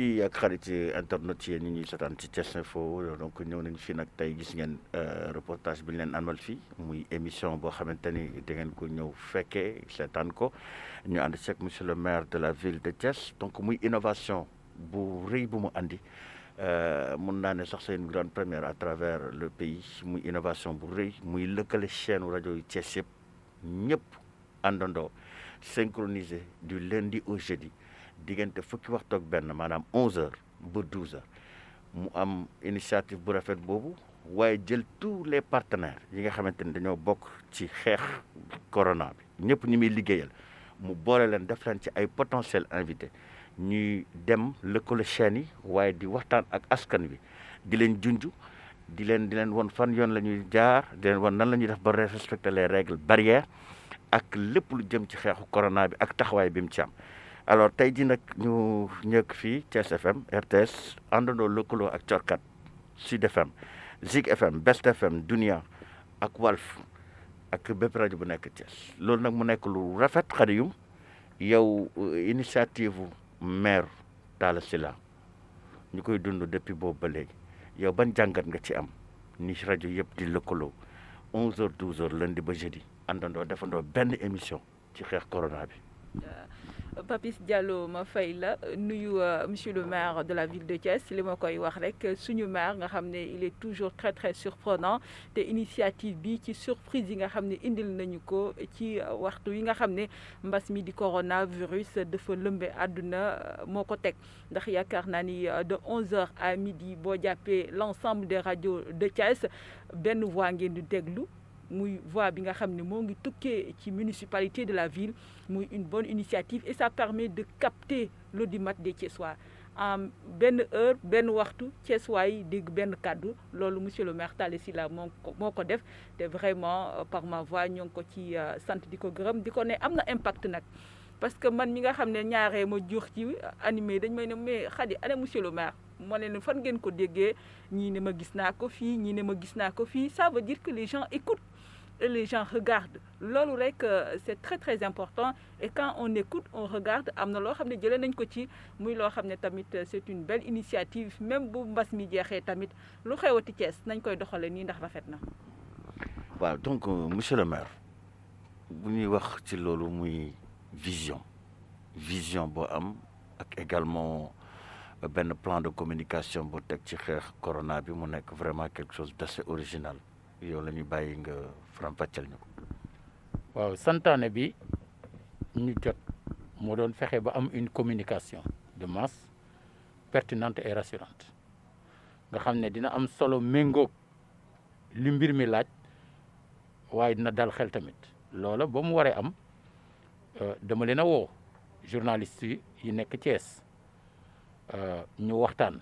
mbokki ak xarit internet yi ñu ñuy seetaan ci Thiès Info donc ñëw ñu fii nag tey gis ngeen reportage bi ñu leen amal fii muy émission boo xamante ni da ngeen ko ñëw fekkee seetaan ko ñu ànd ceeg monsieur le maire de la ville de Thiès donc muy innovation bu rëy bu mu andi eh, mun naa ne sax c'est une grande première à travers le pays muy innovation bu rëy muy lëkkale chaîne rajo yu Thiès yëpp ñëpp àndandoo synchronisé du lundi au jeudi. diggante fukki waxtu benn maanaam 11h ba 12h mu am initiative bu rafet boobu waaye jël tous les partenaires yi nga xamante ni dañoo bokk ci xeex corona bi ñëpp ñu muy liggéeyal mu boole leen def leen ci ay potentiel invité ñuy dem lëkkale chaîne yi waaye di waxtaan ak askan wi di leen junju di leen di leen won fan yoon la ñuy jaar di leen won nan la ñuy def ba respecter les règles barrières ak lépp lu jëm ci xeexu corona bi ak taxawaay bi mu ci am. alors tey jii nag ñu ñëkk fii Thiès FM RTS àndandoo lëkkaloo ak Corkat Sud FM Zik FM Best FM Dunia ak Walf ak bépp rajo bu nekk Thiès loolu nag mu nekk lu rafet Xadiyum yow euh, initiative maire Talla Sylla ñu koy dund depuis boobu ba léegi yow ban jàngat nga ci am ni rajo yëpp di lëkkaloo 11h 12h lundi ba jeudi àndandoo defandoo benn émission ci xeex corona bi. Euh, Papis Diallo ma fay la nuyu euh, monsieur le maire de la ville de Thiès li ma koy wax rek suñu maire nga xam ne il est toujours très très surprenant te initiative bi ci surprise yi nga xam ne indil nañu ko ci waxtu yi nga xam ne mbas mi di coronavirus dafa lëmbe àdduna euh, moo ko teg ndax yaakaar naa ni euh, de 11h à midi boo jàppee l'ensemble des radios de Thiès benn voix ngeen di déglu. muy voie bi nga xam ne moo ngi tukkee ci municipalité de la ville muy une bonne initiative et sa permet de capter l'audimat des Thiessois en benn heure benn waxtu Thiessois yi dégg benn kàddu loolu monsieur le maire si la moo ko moo ko def te vraiment euh, par ma voix ñoo ngi ko ci euh, sant di ko gërëm di ko ne am na impact nag parce que man mi nga xam ne ñaaree ma jox ci animé dañ may ne mais xadi ana monsieur le maire ma ne ne fan ngeen ko déggee ñii ne ma gis naa ko fii ñii ne ma gis naa ko fii ça veut dire que les gens écoutent et les gens regardent loolu rek euh, c'est très très important et quand on écoute on regarde am na loo xam ne jëlee nañ ko ci muy loo xam ne tamit euh, c'est une belle initiative même bu mbas mi jeexee tamit lu xewati Thiès nañ koy doxalee nii ndax rafet na. waaw donc euh, monsieur le maire bu ñuy wax ci loolu muy vision vision boo am ak également benn plan de communication bu teg ci xeex corona bi mu nekk vraiment quelque chose d'assez original. yow la ñu bàyyi nga fram fàcceel ñu ko. waaw santaane bi ñu jot moo doon fexe ba am une communication de masse pertinante et rassurante nga xam ne dina am solo méngoog li mbir mi laaj waaye dina dal xel tamit loola ba mu waree am euh, dama leen a woo journaliste yi nekk Thiès euh, ñu waxtaan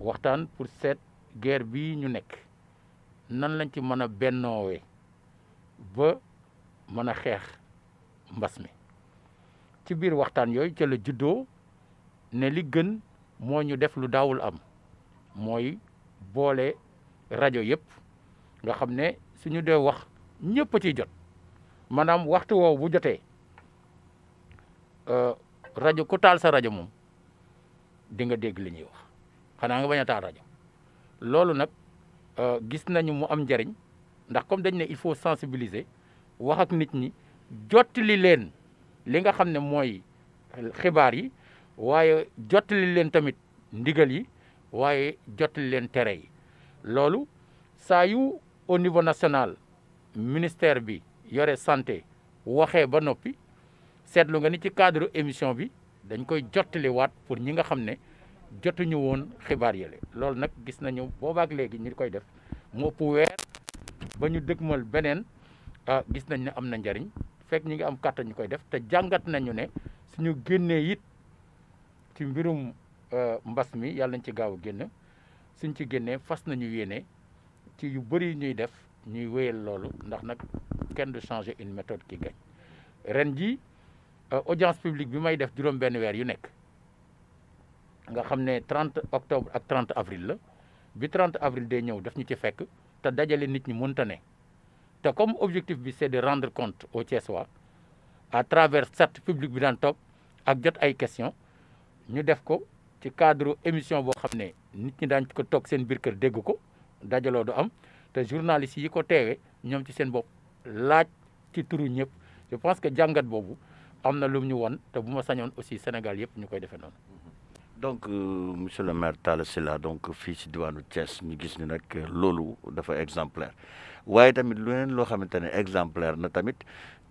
waxtaan pour seet guerre bii ñu nekk. nan lañ ci mën a bennoowee ba mën a xeex mbas mi ci biir waxtaan yooyu ca la juddoo ne li gën moo ñu def lu daawul am mooy boole rajo yépp nga xam ne suñu dee wax ñëpp a ciy jot maanaam waxtu woowu bu jotee euh, rajo ku taal sa rajo moom di nga dégg li ñuy wax xanaa nga bañ rajo loolu nag Euh, gis nañu mu am njariñ ndax comme dañ ne il faut sensibiliser wax ak nit ñi jottali leen li nga xam ne mooy xibaar yi waaye jottali leen tamit ndigal yi waaye jottali leen tere yi loolu saa au niveau national ministère bi yore santé waxee ba noppi seetlu nga ni ci cadre émission bi dañ koy jottali waat pour ñi nga xam ne jotuñu woon xibaar yële loolu nag gis nañu boobaak léegi ñu koy def mu ëpp weer ba ñu dëgmal beneen ah gis nañ ne am na njariñ fekk ñu ngi am kàttan ñu koy def te jàngat nañu ne suñu génnee it ci mbirum euh, mbas mi yàlla nañ ci gaaw a génn suñ ci génnee fas nañu yéene ci yu bëri ñuy def ñuy wéyal loolu ndax nag kenn du changer une méthode ki gagne ren ji euh, audience publique bi may def juróom benn weer yu nekk nga xam ne 30 octobre ak 30 avril la bi 30 avril day ñëw def ñu ci fekk te dajale nit ñi mënta ne te comme objectif bi c'est de rendre compte aux Thiessois a travers certes public bi daan toog ak jot ay questions ñu def ko ci cadre émission boo xam ne nit ñi daañ ko toog seen biir kër dégg ko dajaloo du am te journalistes yi ko teewee ñoom ci seen bopp laaj ci turu ñëpp je pense que jàngat boobu am na lu ñu won te bu ma sañoon aussi Sénégal yëpp ñu koy defee noonu mm-hmm. donc euh, monsieur le maire Talla Sylla donc fii si diwaanu Thiès ñu gis ni nag loolu dafa exemplaire waaye tamit lu leen loo xamante ne exemplaire na tamit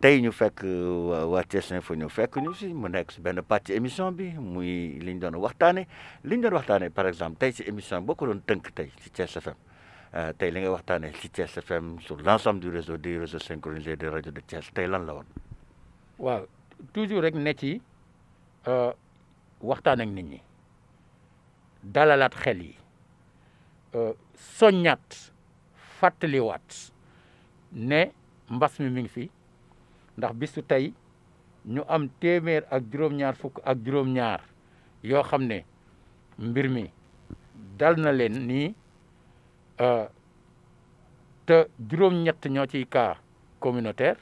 tey ñu fekk euh, waa Thiès Info ñu fekk ñu si mu nekk si benn pàcc émission bi muy li ñu doon waxtaanee li ñu waxtaanee par exemple tey si émission boo ko doon tënk tey si Thiès FM euh, tey li nga waxtaanee si Thiès FM sur l' ensemble du réseau de réseaux synchronisés de rajo de Thiès tey lan la woon. waaw toujours rek ne ci waxtaan nit ñi. dalalaat xel yi euh, soññaat fàttaliwaat ne mbas mi mi ngi fi ndax bisu tey ñu am téeméer ak juróom-ñaar fukk ak juróom-ñaar yoo xam ne mbir mi dal na leen nii euh, te juróom-ñett ñoo ci cas communautaire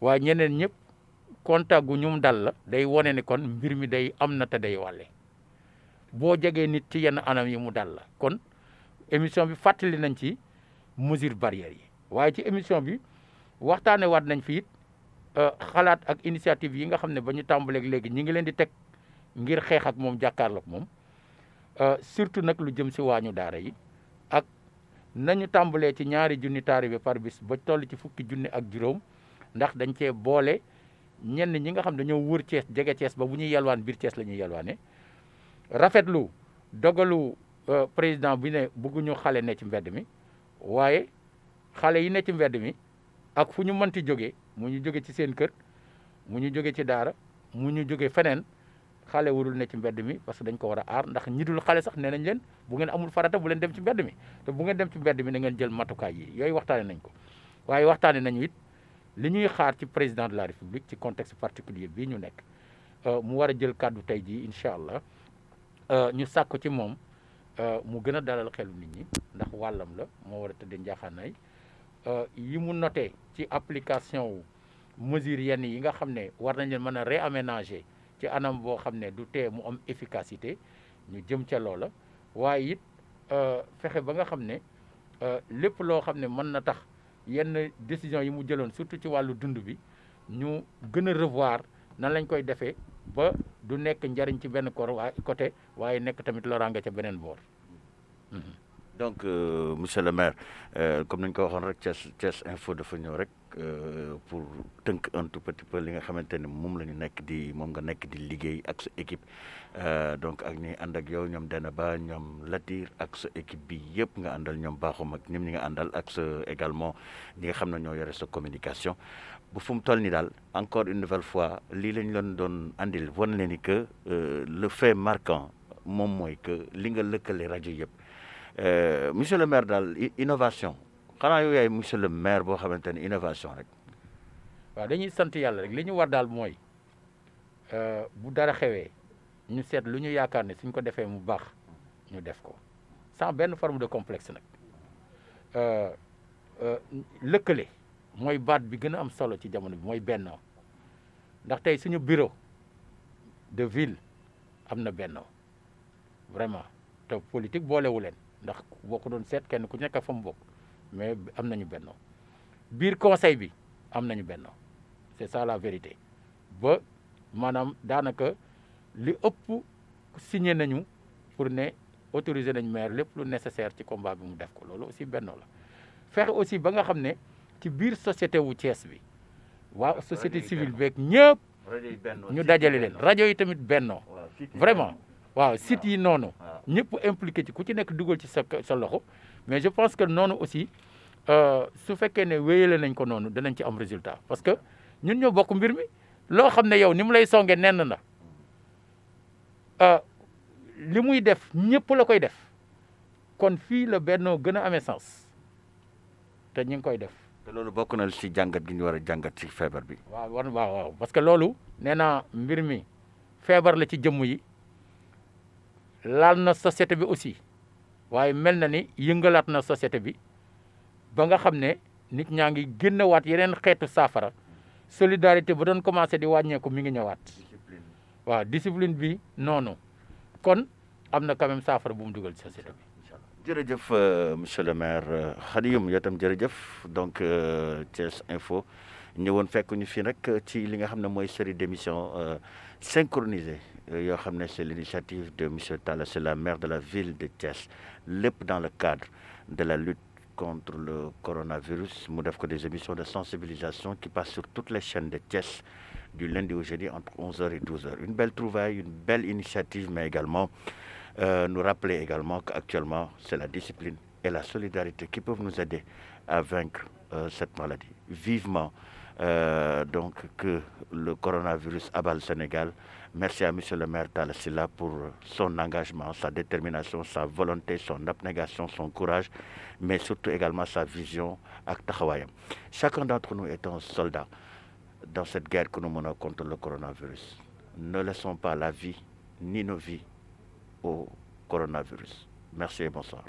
waaye ñeneen ñëpp contact gu ñum dal day wone ni kon mbir mi day am na te day wàlle boo jegee nit ci yenn anam yi mu dal la kon émission bi fàttali nañ ci mesure barrière yi waaye ci émission bi waxtaanee waat nañ fi it euh, xalaat ak initiative yi nga xam ne ba ñu tàmbaleeg léegi ñi ngi leen di teg ngir xeex ak moom jàkkaarloog moom euh, surtout nag lu jëm si waañu daara yi ak nañu tàmbalee ci ñaari junni taalibe par bis ba toll ci fukki junni ak juróom ndax dañ cee boole ñenn ñi nga xam dañoo wër Cees jege Cees ba bu ñuy yalwaan biir Cees la ñuy yalwaane rafetlu dogalu euh, président bi ne ñu xale ne ci mbedd mi waaye xale yi ne ci mbedd mi ak fu ñu mënti jógee mu ñu jóge ci seen kër mu ñu jóge ci daara mu ñu jóge feneen xale warul ne ci mbedd mi parce que dañ ko war a aar ndax ñi dul xale sax nee nañ leen bu ngeen amul farata bu leen dem ci mbedd mi te bu ngeen dem ci mbedd mi na ngeen jël matukaay yi yooyu waxtaane nañ ko waaye waxtaane nañu it li ñuy xaar ci président de la république ci contexte particulier bii ñu nekk euh, mu war a jël kàddu tey jii incha allah Euh, ñu sàkk ci moom euh, mu gën a dalal xelu nit ñi ndax wàllam la moo wara a tëddee njaaxaanaay euh, yi mu noté ci application wu mesures yenn yi nga xam ne war nañ leen mën a réaménager ci anam boo xam ne du tee mu am efficacité ñu jëm ca loola waaye it fexe ba nga xam ne lépp loo xam ne mën na tax yenn décision yi mu jëloon surtout ci wàllu dund bi ñu gën a revoir nan lañ koy defee ba du nekk njariñ ci benn kor waa côté waaye nekk tamit loraange ca beneen boor. donc euh, monsieur le maire euh, comme nañ ko waxoon rek Thiès Thiès info fa ñëw rek. Euh, pour tënk un tout petit peu li nga xamante ni moom la ñu nekk di moom nga nekk di liggéey ak sa équipe euh, donc ak ñuy ànd ak yow ñoom dana ba ñoom Latir ak sa équipe bi yëpp nga àndal ñoom baaxum ak ñoom ñi nga àndal ak sa également ñi nga xam ne ñoo yore sa communication bu fu mu toll ni daal encore une nouvelle fois lii lañ leen doon andil wan leen ni que euh, le fait marquant moom mooy que li nga lëkkale rajo yëpp monsieur le maire daal innovation xanaa yow yaay monsieur le maire boo xamante ne innovation rek. waaw dañuy sant yàlla rek li ñu war daal mooy euh, bu dara xewee ñu seet lu ñu yaakaar ne suñ ko defee mu baax ñu def ko sans benn forme de complexe nag euh, euh, lëkkale mooy baat bi gën a am solo ci jamono bi mooy benn ndax tey suñu bureau de ville am na benn vraiment te politique boolewu leen ndax boo ku doon seet kenn ku nekk fa mu bokk. mais am nañu bennoo biir conseil bi am nañu benno c'est ça la vérité ba maanaam daanaka li ëpp signe nañu pour ne autoriser nañ maire lépp lu nécessaire ci combat bi mu def ko loolu aussi benno la fexe aussi ba nga xam ne ci biir société wu Thiès bi waa société civile beeg ñëpp ñu dajale leen rajo yi tamit benno vraiment waaw sit yi noonu ñëpp impliqué ku ci nekk dugal ci sa sa loxo mais je pense que noonu aussi euh, su fekkee ne wéyale nañ ko noonu danañ ci am résultat parce que ñun ñoo bokk mbir mi loo xam ne yow ni mu lay songe nenn na euh, li muy def ñëpp la koy def kon fii la Benno gën a amee sens te ñu ngi koy def. te loolu bokk na si jàngat gi ñu war a jàngat ci feebar bi. waaw waaw parce que loolu nee naa mbir mi feebar la ci jëmm yi laal na société bi aussi. waaye mel na ni yëngalaat na société bi ba nga xam ne nit ñaa ngi génnewaat yeneen xeetu saafara solidarité ba doon commencé di wàññeeku mi ngi ñëwaat waaw discipline bi noonu kon am na quand saafara bu mu dugal ci société bi. jërëjëf euh, monsieur le maire euh, Khadioum yow tam jërëjëf donc euh, Thiès Info ñëwoon fekk ñu fii nag ci li nga xam ne mooy série d'émission synchronisée Euh, yoo xam ne c'est l'initiative de monsieur Talla c'est la maire de la ville de Thiès lépp dans le cadre de la lutte contre le coronavirus mu def ko des émissions de sensibilisation qui passent sur toutes les chaînes de Thiès du lundi au jeudi entre 11h et 12h une belle trouvaille une belle initiative mais également euh, nous rappeler également qu'actuellement c'est la discipline et la solidarité qui peuvent nous aider à vaincre euh, cette maladie vivement euh, donc que le coronavirus abat le Sénégal Merci à Monsieur le maire Talla Sylla pour son engagement, sa détermination, sa volonté, son abnégation, son courage, mais surtout également sa vision ak taxawaayam. Chacun d'entre nous est un soldat dans cette guerre que nous menons contre le coronavirus. Ne laissons pas la vie ni nos vies au coronavirus. Merci et bonsoir.